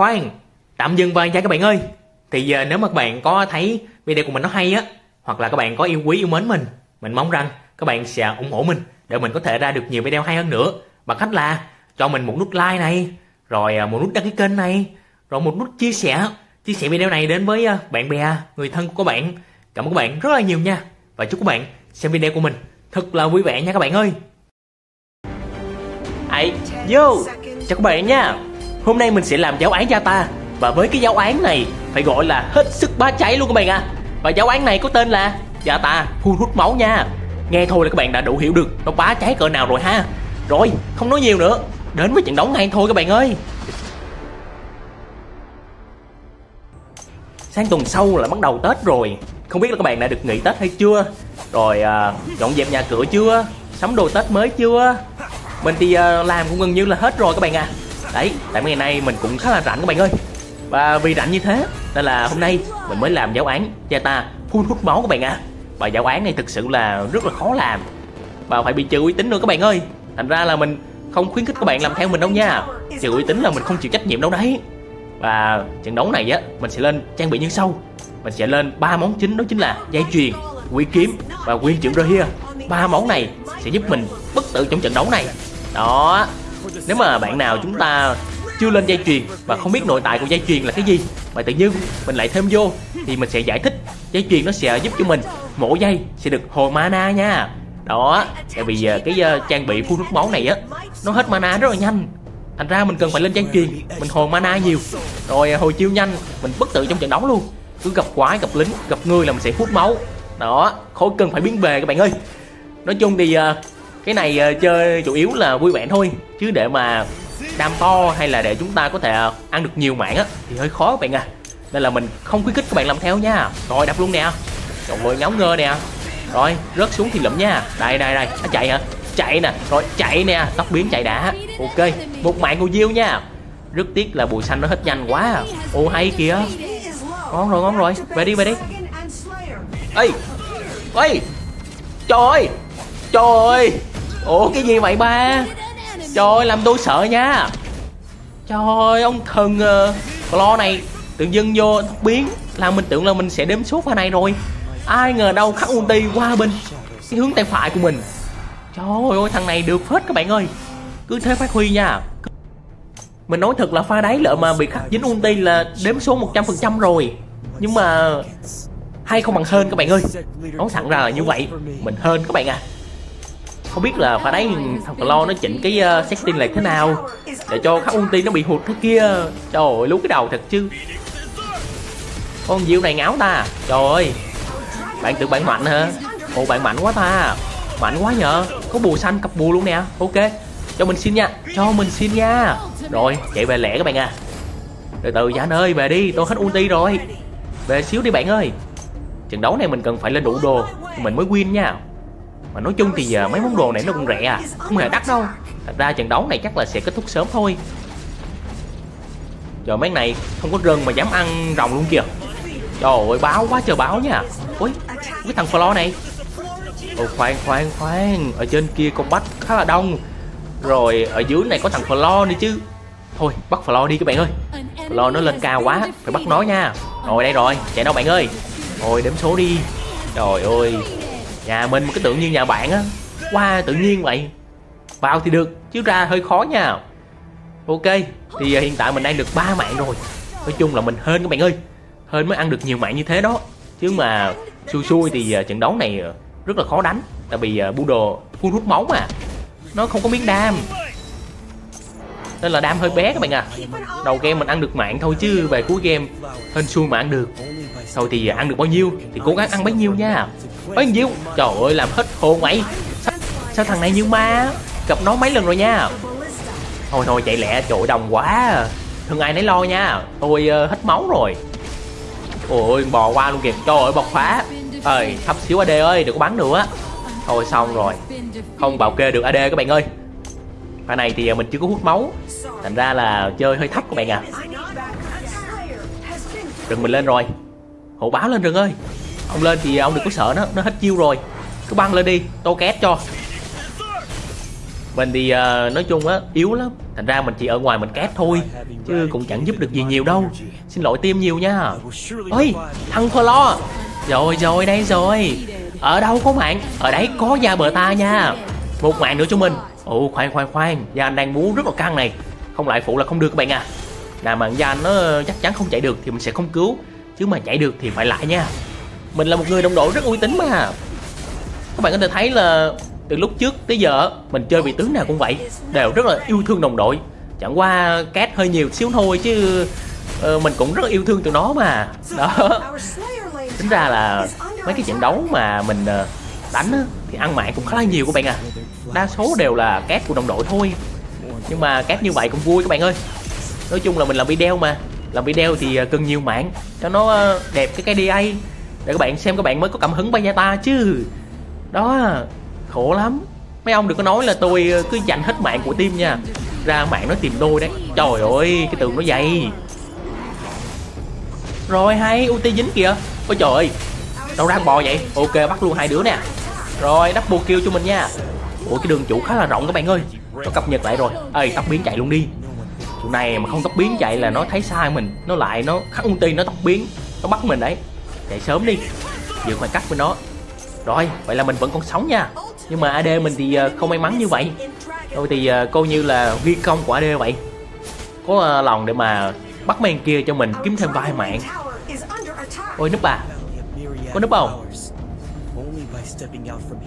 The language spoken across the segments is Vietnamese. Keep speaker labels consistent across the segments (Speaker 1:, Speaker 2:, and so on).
Speaker 1: Khoan, tạm dừng vài giây các bạn ơi. Thì giờ nếu mà các bạn có thấy video của mình nó hay á, hoặc là các bạn có yêu quý yêu mến mình, mình mong rằng các bạn sẽ ủng hộ mình để mình có thể ra được nhiều video hay hơn nữa. Bằng cách là cho mình một nút like này, rồi à, một nút đăng ký kênh này, rồi một nút chia sẻ, chia sẻ video này đến với à, bạn bè, người thân của các bạn. Cảm ơn các bạn rất là nhiều nha. Và chúc các bạn xem video của mình thật là vui vẻ nha các bạn ơi. Hãy vô, chào các bạn nha. Hôm nay mình sẽ làm giáo án ta Và với cái giáo án này phải gọi là hết sức bá cháy luôn các bạn ạ à. Và giáo án này có tên là gia ta phun hút máu nha Nghe thôi là các bạn đã đủ hiểu được nó bá cháy cỡ nào rồi ha Rồi không nói nhiều nữa Đến với trận đấu ngay thôi các bạn ơi Sang tuần sau là bắt đầu Tết rồi Không biết là các bạn đã được nghỉ Tết hay chưa Rồi à, dọn dẹp nhà cửa chưa Sắm đồ Tết mới chưa Mình thì à, làm cũng gần như là hết rồi các bạn à đấy tại mấy ngày nay mình cũng khá là rảnh các bạn ơi và vì rảnh như thế nên là hôm nay mình mới làm giáo án cho ta phun hút máu các bạn ạ à. và giáo án này thực sự là rất là khó làm và phải bị trừ uy tín nữa các bạn ơi thành ra là mình không khuyến khích các bạn làm theo mình đâu nha trừ uy tín là mình không chịu trách nhiệm đâu đấy và trận đấu này á mình sẽ lên trang bị như sau mình sẽ lên ba món chính đó chính là dây chuyền quy kiếm và nguyên trưởng rơ hia ba món này sẽ giúp mình bất tử trong trận đấu này đó nếu mà bạn nào chúng ta chưa lên dây chuyền và không biết nội tại của dây chuyền là cái gì mà tự nhiên mình lại thêm vô thì mình sẽ giải thích dây chuyền nó sẽ giúp cho mình mỗi dây sẽ được hồi mana nha đó tại vì ờ, cái uh, trang bị phun nước máu này á nó hết mana rất là nhanh thành ra mình cần phải lên dây truyền mình hồi mana nhiều rồi ờ, hồi chiêu nhanh mình bất tử trong trận đấu luôn cứ gặp quái gặp lính gặp người là mình sẽ hút máu đó khối cần phải biến về các bạn ơi nói chung thì uh, cái này ờ, chơi chủ yếu là vui vẻ thôi chứ để mà đam to hay là để chúng ta có thể ăn được nhiều mạng á thì hơi khó các bạn à nên là mình không khuyến khích các bạn làm theo nha rồi đập luôn nè trời ơi ngáo ngơ nè rồi rớt xuống thì lụm nha đây đây đây nó chạy hả chạy nè rồi chạy nè tóc biến chạy đã ok một mạng của diêu nha rất tiếc là bùi xanh nó hết nhanh quá à. ô hay kìa ngon rồi ngon rồi về đi về đi ê ê trời ơi trời ơi ủa cái gì vậy ba trời ơi làm tôi sợ nha trời ơi ông thần uh, ờ, clo này tự dưng vô biến là mình tưởng là mình sẽ đếm số pha này rồi ai ngờ đâu khắc ulti qua bên cái hướng tay phải của mình trời ơi thằng này được hết các bạn ơi cứ thế phát huy nha mình nói thật là pha đáy lợi mà bị khắc dính ulti là đếm số 100% rồi nhưng mà hay không bằng hơn các bạn ơi nói sẵn ra là như vậy mình hơn các bạn à không biết là phải đấy thằng lo nó chỉnh cái uh, ờ, setting lại thế nào để cho khắc ulti nó bị hụt thế kia trời ơi lú cái đầu thật chứ con diêu này ngáo ta trời ơi bạn tự bạn mạnh hả ồ bạn mạnh quá ta mạnh quá nhở? có bù xanh cặp bù luôn nè ok cho mình xin nha cho mình xin nha rồi chạy về lẻ các bạn à từ từ dạ ơi về đi tôi hết ulti rồi về xíu đi bạn ơi trận đấu này mình cần phải lên đủ đồ mình mới win nha mà nói chung thì giờ mấy món đồ này nó cũng rẻ à Không hề đắt đâu Thật ra trận đấu này chắc là sẽ kết thúc sớm thôi Trời mấy này không có rừng mà dám ăn rồng luôn kìa Trời ơi báo quá trời báo nha Ui cái thằng Flo này Ồ khoan khoan khoan Ở trên kia con bách khá là đông Rồi ở dưới này có thằng Flo nữa chứ Thôi bắt Flo đi các bạn ơi Flo nó lên cao quá Phải bắt nó nha Rồi đây rồi chạy đâu bạn ơi Rồi đếm số đi Trời ơi nhà mình một cái tự nhiên nhà bạn á qua wow, tự nhiên vậy vào thì được chứ ra hơi khó nha ok thì à, hiện tại mình đang được ba mạng rồi nói chung là mình hên các bạn ơi hên mới ăn được nhiều mạng như thế đó chứ mà xui xui thì à, trận đấu này à, rất là khó đánh tại vì bu đồ phun hút máu mà nó không có miếng đam nên là đam hơi bé các bạn à đầu game mình ăn được mạng thôi chứ về cuối game hên xui mà ăn được thôi thì ăn được bao nhiêu thì cố gắng ăn bấy nhiêu nha Ê Diêu Trời ơi làm hết hồn mày sao, sao thằng này như ma Gặp nó mấy lần rồi nha Thôi thôi chạy lẹ trời đồng quá Thương ai nấy lo nha Tôi uh, hết máu rồi Ôi bò qua luôn kìa Trời ơi bọc phá Ơi thấp xíu AD ơi đừng có bắn nữa Thôi xong rồi Không bảo kê được AD các bạn ơi Pha này thì ờ, mình chưa có hút máu Thành ra là chơi hơi thấp các bạn à Rừng mình lên rồi Hộ báo lên rừng ơi ông lên thì ông đừng có sợ nó nó hết chiêu rồi cứ băng lên đi tôi két cho mình thì uh, nói chung á yếu lắm thành ra mình chỉ ở ngoài mình két thôi chứ cũng chẳng giúp được gì nhiều đâu xin lỗi tim nhiều nha ơi thằng lo rồi rồi đây rồi ở đâu có mạng ở đấy có nhà bờ ta nha một mạng nữa cho mình ồ khoan khoan khoan gia anh đang muốn rất là căng này không lại phụ là không được các bạn à là mạng gia anh nó chắc chắn không chạy được thì mình sẽ không cứu chứ mà chạy được thì phải lại nha mình là một người đồng đội rất uy tín mà các bạn có thể thấy là từ lúc trước tới giờ mình chơi vị tướng nào cũng vậy đều rất là yêu thương đồng đội chẳng qua két hơi nhiều xíu thôi chứ uh, mình cũng rất yêu thương tụi nó mà đó tính ra là mấy cái trận đấu mà mình ờ, đánh thì ăn mạng cũng khá là nhiều các bạn à đa số đều là két của đồng đội thôi nhưng mà két như vậy cũng vui các bạn ơi nói chung là mình làm video mà làm video thì ờ, cần nhiều mạng cho nó đẹp cái cái DA để các bạn xem các bạn mới có cảm hứng bay ta chứ đó khổ lắm mấy ông đừng có nói là tôi ờ, cứ dành hết mạng của team nha ra mạng nó tìm tôi đấy trời ơi cái tường nó dày rồi hay ut dính kìa ôi trời ơi đâu ra bò vậy ok bắt luôn hai đứa nè rồi double kill cho mình nha ủa cái đường chủ khá là rộng các bạn ơi nó cập nhật lại rồi ơi tóc biến chạy luôn đi chỗ này mà không tóc biến chạy là nó thấy sai mình nó lại nó khắc ulti nó tóc biến nó bắt mình đấy chạy sớm đi giữ khoảng cách với nó rồi vậy là mình vẫn còn sống nha nhưng mà AD mình thì ờ, không may mắn như vậy Thôi thì ờ, coi như là ghi công của AD vậy Có ờ, lòng để mà bắt men kia cho mình kiếm thêm vài mạng Ôi núp bà, Có núp không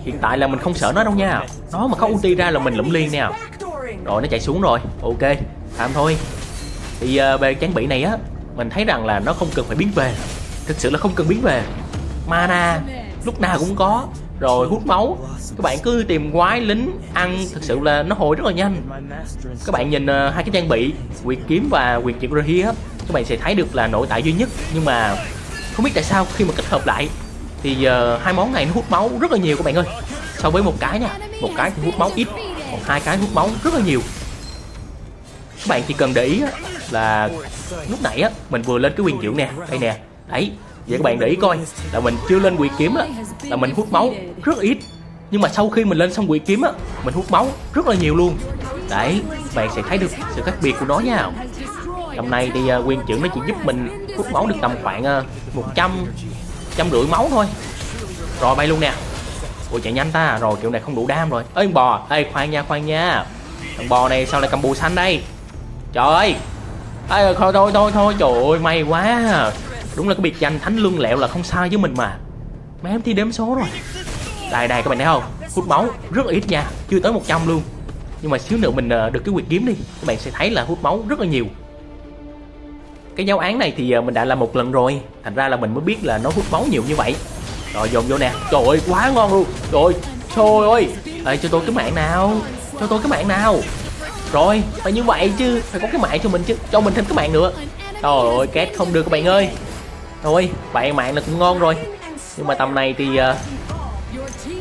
Speaker 1: Hiện tại là mình không sợ nó đâu nha Nó mà có ulti ra là mình lụm liền nè Rồi nó chạy xuống rồi Ok Tạm thôi Thì về trang bị này á Mình thấy rằng là nó không cần phải biến về thực sự là không cần biến về mana lúc nào cũng có rồi hút máu các bạn cứ tìm quái lính ăn thực sự là nó hồi rất là nhanh các bạn nhìn uh, hai cái trang bị quyền kiếm và quyền chuyển rồi hết các bạn sẽ thấy được là nội tại duy nhất nhưng mà không biết tại sao khi mà kết hợp lại thì giờ uh, hai món này nó hút máu rất là nhiều các bạn ơi so với một cái nha một cái thì hút máu ít còn hai cái hút máu rất là nhiều các bạn chỉ cần để ý là lúc nãy á mình vừa lên cái quyền trưởng nè đây nè đấy vậy các bạn để ý coi là mình chưa lên quỷ kiếm á là mình hút máu rất ít nhưng mà sau khi mình lên xong quỷ kiếm á mình hút máu rất là nhiều luôn đấy bạn sẽ thấy được sự khác biệt của nó nha Hôm nay thì uh, quyền trưởng nó chỉ giúp mình hút máu được tầm khoảng à, một trăm trăm rưỡi máu thôi rồi bay luôn nè ôi chạy nhanh ta rồi kiểu này không đủ đam rồi ơi bò ê khoan nha khoan nha thằng bò này sao lại cầm bù xanh đây trời ơi ê thôi thôi thôi thôi trời ơi may quá đúng là cái biệt danh thánh lương lẹo là không sai với mình mà mấy em thi đếm số rồi đây đây các bạn thấy không hút máu rất là ít nha chưa tới 100 luôn nhưng mà xíu nữa mình ờ, được cái quyệt kiếm đi các bạn sẽ thấy là hút máu rất là nhiều cái giáo án này thì ờ, mình đã làm một lần rồi thành ra là mình mới biết là nó hút máu nhiều như vậy rồi dồn vô nè trời ơi quá ngon luôn trời ơi trời ơi Ê, cho tôi cái mạng nào cho tôi cái mạng nào rồi phải như vậy chứ phải có cái mạng cho mình chứ cho mình thêm cái mạng nữa trời ơi két không được các bạn ơi thôi bạn mạng là cũng ngon rồi nhưng mà tầm này thì uh,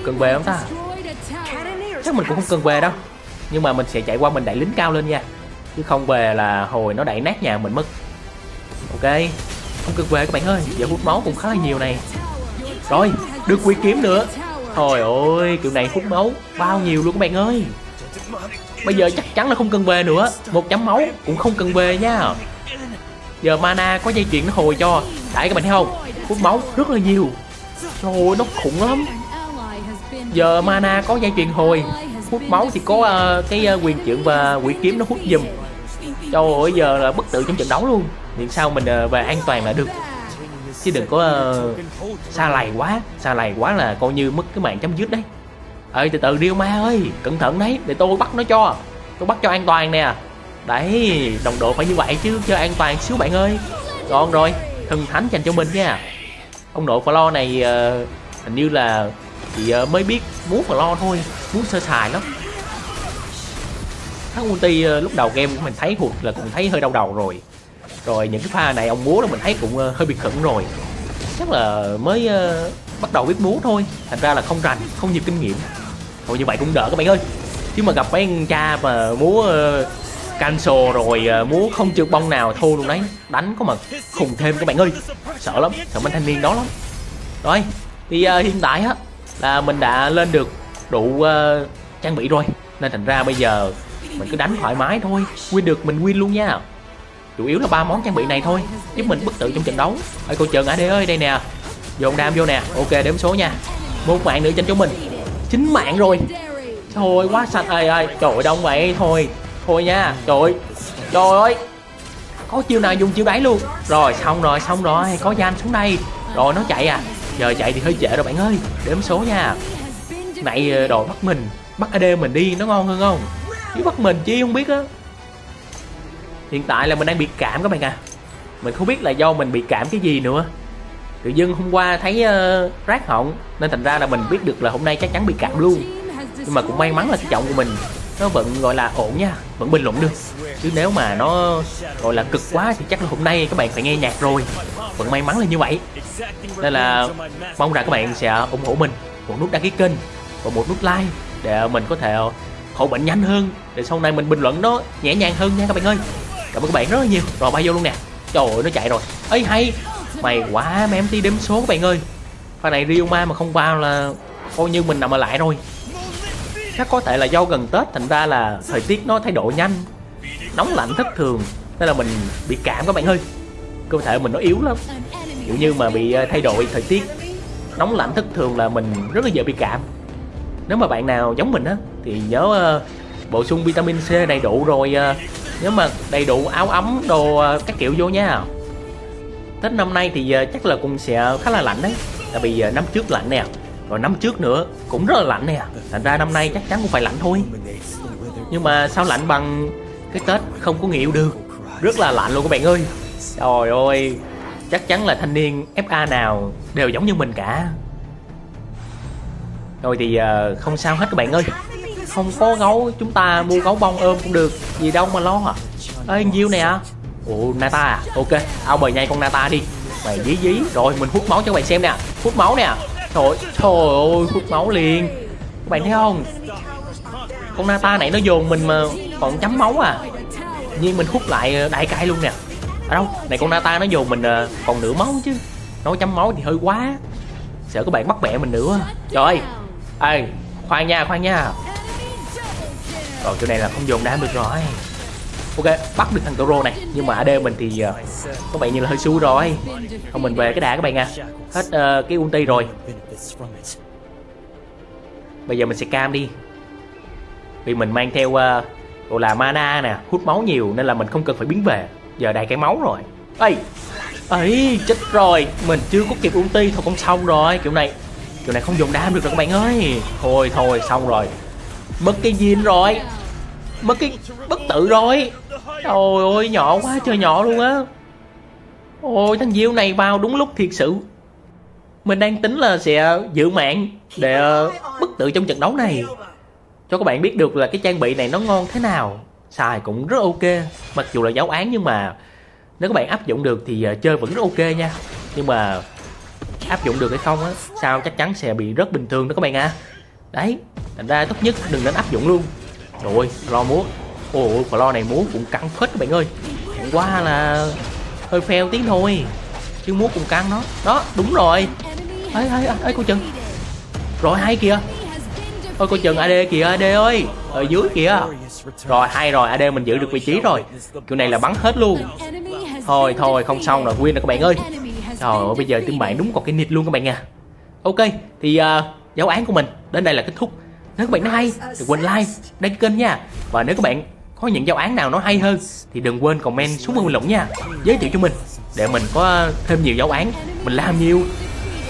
Speaker 1: cần về không ta chắc mình cũng không cần về đâu nhưng mà mình sẽ chạy qua mình đẩy lính cao lên nha chứ không về là hồi nó đẩy nát nhà mình mất ok không cần về các bạn ơi giờ hút máu cũng khá là nhiều này rồi được quy kiếm nữa thôi ôi kiểu này hút máu bao nhiêu luôn các bạn ơi bây giờ chắc chắn là không cần về nữa một chấm máu cũng không cần về nha giờ mana có dây chuyền nó hồi cho đại các bạn thấy không hút máu rất là nhiều trời ơi nó khủng lắm giờ mana có dây chuyền hồi hút máu thì có uh, cái uh, quyền trưởng và quỷ kiếm nó hút giùm trời ơi giờ là bất tử trong trận đấu luôn miễn sao mình uh, về an toàn là được chứ đừng có uh, xa lầy quá xa lầy quá là coi như mất cái mạng chấm dứt đấy ơi từ từ điêu ma ơi cẩn thận đấy để tôi bắt nó cho tôi bắt cho an toàn nè Đấy, đồng đội phải như vậy chứ cho an toàn xíu bạn ơi con rồi, thần thánh dành cho mình nha Ông nội lo này uh, hình như là thì uh, mới biết muốn lo thôi Muốn sơ sài lắm Thắng ulti uh, lúc đầu game mình thấy hụt là cũng thấy hơi đau đầu rồi Rồi những cái pha này ông múa đó mình thấy cũng uh, hơi bị khẩn rồi Chắc là mới uh, bắt đầu biết múa thôi Thành ra là không rành, không nhiều kinh nghiệm Thôi như vậy cũng đỡ các bạn ơi Chứ mà gặp mấy anh cha mà múa uh, cancel rồi ờ, muốn không trượt bông nào thua luôn đấy đánh có mà khùng thêm các bạn ơi sợ lắm sợ mình thanh niên đó lắm rồi thì uh, hiện tại á là mình đã lên được đủ uh, trang bị rồi nên thành ra bây giờ mình cứ đánh thoải mái thôi win được mình win luôn nha chủ yếu là ba món trang bị này thôi giúp mình bất tử trong trận đấu ơi cô chờ ngã đế ơi đây nè dồn đam vô nè ok đếm số nha một mạng nữa trên cho mình chín mạng rồi Thôi quá sạch ơi ơi trời đông vậy thôi thôi nha trời ơi trời ơi có chiêu nào dùng chiêu đấy luôn rồi xong rồi xong rồi có gian xuống đây rồi nó chạy à giờ chạy thì hơi trễ rồi bạn ơi đếm số nha nãy ờ, đồ bắt mình bắt ad mình đi nó ngon hơn không chứ bắt mình chi không biết á hiện tại là mình đang bị cảm các bạn à mình không biết là do mình bị cảm cái gì nữa tự dưng hôm qua thấy uh, rác họng nên thành ra là mình biết được là hôm nay chắc chắn bị cảm luôn nhưng mà cũng may mắn là cái giọng của mình nó vẫn gọi là ổn nha vẫn bình luận được chứ nếu mà nó gọi là cực quá thì chắc là hôm nay các bạn phải nghe nhạc rồi vẫn may mắn là như vậy nên là mong rằng các bạn sẽ ủng hộ mình một nút đăng ký kênh và một nút like để mình có thể khỏi bệnh nhanh hơn để sau này mình bình luận nó nhẹ nhàng hơn nha các bạn ơi cảm ơn các bạn rất là nhiều rồi bay vô luôn nè trời ơi nó chạy rồi ấy hay mày quá mà em tí đếm số các bạn ơi pha này Ma mà không vào là coi như mình nằm ở lại rồi chắc có thể là do gần tết thành ra là thời tiết nó thay đổi nhanh nóng lạnh thất thường nên là mình bị cảm các bạn ơi cơ thể mình nó yếu lắm kiểu như mà bị ờ, thay đổi thời tiết nóng lạnh thất thường là mình rất là dễ bị cảm nếu mà bạn nào giống mình á thì nhớ uh, bổ sung vitamin C đầy đủ rồi uh, ờ, nhớ mà đầy đủ áo ấm đồ uh, các kiểu vô nha Tết năm nay thì uh, chắc là cũng sẽ khá là lạnh đấy Tại vì uh, năm trước lạnh nè rồi năm trước nữa cũng rất là lạnh nè thành ra năm nay chắc chắn cũng phải lạnh thôi nhưng mà sao lạnh bằng cái tết không có người yêu được rất là lạnh luôn các bạn ơi trời ơi chắc chắn là thanh niên fa nào đều giống như mình cả rồi thì uh, không sao hết các bạn ơi không có gấu chúng ta mua gấu bông ôm cũng được gì đâu mà lo à ê diêu nè ồ nata à ok ao bời nhai con nata đi mày dí dí rồi mình hút máu cho mày xem nè hút máu nè Trời, trời ơi, khuất máu liền Các bạn thấy không Con Nata này nó dồn mình mà còn chấm máu à Nhiên mình hút lại ờ, đại cay luôn nè À đâu, này con Nata nó dồn mình ờ, còn nửa máu chứ nói chấm máu thì hơi quá Sợ các bạn bắt mẹ mình nữa Trời ơi, Ê, khoan nha, khoan nha Còn chỗ này là không dồn đam được rồi ok bắt được thằng Toro này nhưng mà AD mình thì uh, có vẻ như là hơi xui rồi không mình về cái đã các bạn à hết uh, cái ulti rồi bây giờ mình sẽ cam đi vì mình mang theo uh, gọi là mana nè hút máu nhiều nên là mình không cần phải biến về giờ đầy cái máu rồi ây ấy chết rồi mình chưa có kịp ulti thôi cũng xong rồi kiểu này kiểu này không dùng đam được rồi các bạn ơi thôi thôi xong rồi mất cái gì rồi mất cái bất tử rồi trời ơi nhỏ quá trời nhỏ luôn á ôi thằng diêu này bao đúng lúc thiệt sự mình đang tính là sẽ giữ mạng để ờ, bất tử trong trận đấu này cho các bạn biết được là cái trang bị này nó ngon thế nào xài cũng rất ok mặc dù là giáo án nhưng mà nếu các bạn áp dụng được thì ờ, chơi vẫn rất ok nha nhưng mà áp dụng được hay không á sao chắc chắn sẽ bị rất bình thường đó các bạn ạ à. đấy thành ra tốt nhất đừng nên áp dụng luôn rồi lo múa ôi lo này múa cũng căng phết các bạn ơi chẳng qua là hơi phèo tí thôi chứ múa cũng căng nó đó đúng rồi ấy ấy ấy cô chừng rồi hay kìa ôi cô chừng ad kìa ad ơi ở dưới kìa rồi hay rồi ad mình giữ được vị trí rồi kiểu này là bắn hết luôn thôi thôi không xong rồi win rồi các bạn ơi rồi bây giờ tiếng bạn đúng còn cái nịt luôn các bạn nha ok thì uh, giáo án của mình đến đây là kết thúc nếu các bạn thấy hay thì quên like, đăng kênh nha Và nếu các bạn có những giao án nào nó hay hơn thì đừng quên comment xuống bên bình nha Giới thiệu cho mình để mình có thêm nhiều giao án Mình làm nhiều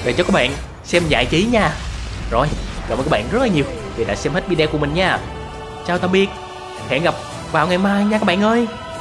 Speaker 1: để cho các bạn xem giải trí nha Rồi, cảm ơn các bạn rất là nhiều vì đã xem hết video của mình nha Chào tạm biệt, hẹn gặp vào ngày mai nha các bạn ơi